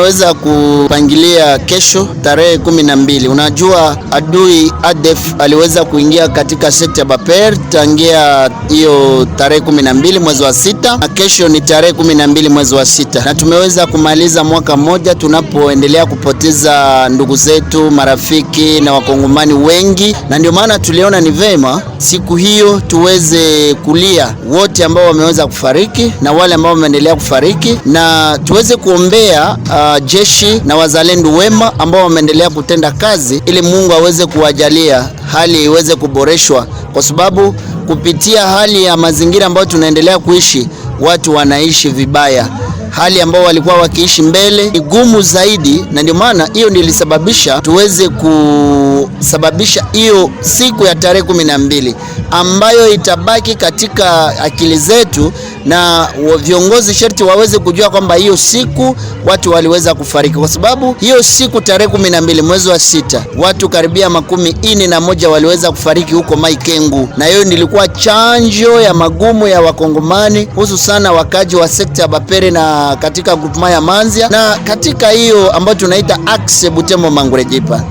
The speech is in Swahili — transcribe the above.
tumeweza kupangilia kesho tarehe kumi na mbili. Unajua adui ADF aliweza kuingia katika sekta ya Baper tangia hiyo tarehe kumi na mbili mwezi wa sita na kesho ni tarehe kumi na mbili mwezi wa sita na tumeweza kumaliza mwaka mmoja tunapoendelea kupoteza ndugu zetu, marafiki na wakongomani wengi, na ndio maana tuliona ni vema siku hiyo tuweze kulia wote ambao wameweza kufariki na wale ambao wameendelea kufariki, na tuweze kuombea uh, jeshi na wazalendo wema ambao wameendelea kutenda kazi, ili Mungu aweze kuwajalia hali iweze kuboreshwa, kwa sababu kupitia hali ya mazingira ambayo tunaendelea kuishi, watu wanaishi vibaya hali ambao walikuwa wakiishi mbele ni gumu zaidi, na ndio maana hiyo ndio ilisababisha tuweze kusababisha hiyo siku ya tarehe kumi na mbili ambayo itabaki katika akili zetu, na viongozi sharti waweze kujua kwamba hiyo siku watu waliweza kufariki, kwa sababu hiyo siku tarehe kumi na mbili mwezi wa sita watu karibia makumi ini na moja waliweza kufariki huko Maikengu, na hiyo nilikuwa chanjo ya magumu ya Wakongomani, hususana wakaji wa sekta ya Bapere na katika grupma ya Manzia na katika hiyo ambayo tunaita akse Butembo mangurejipa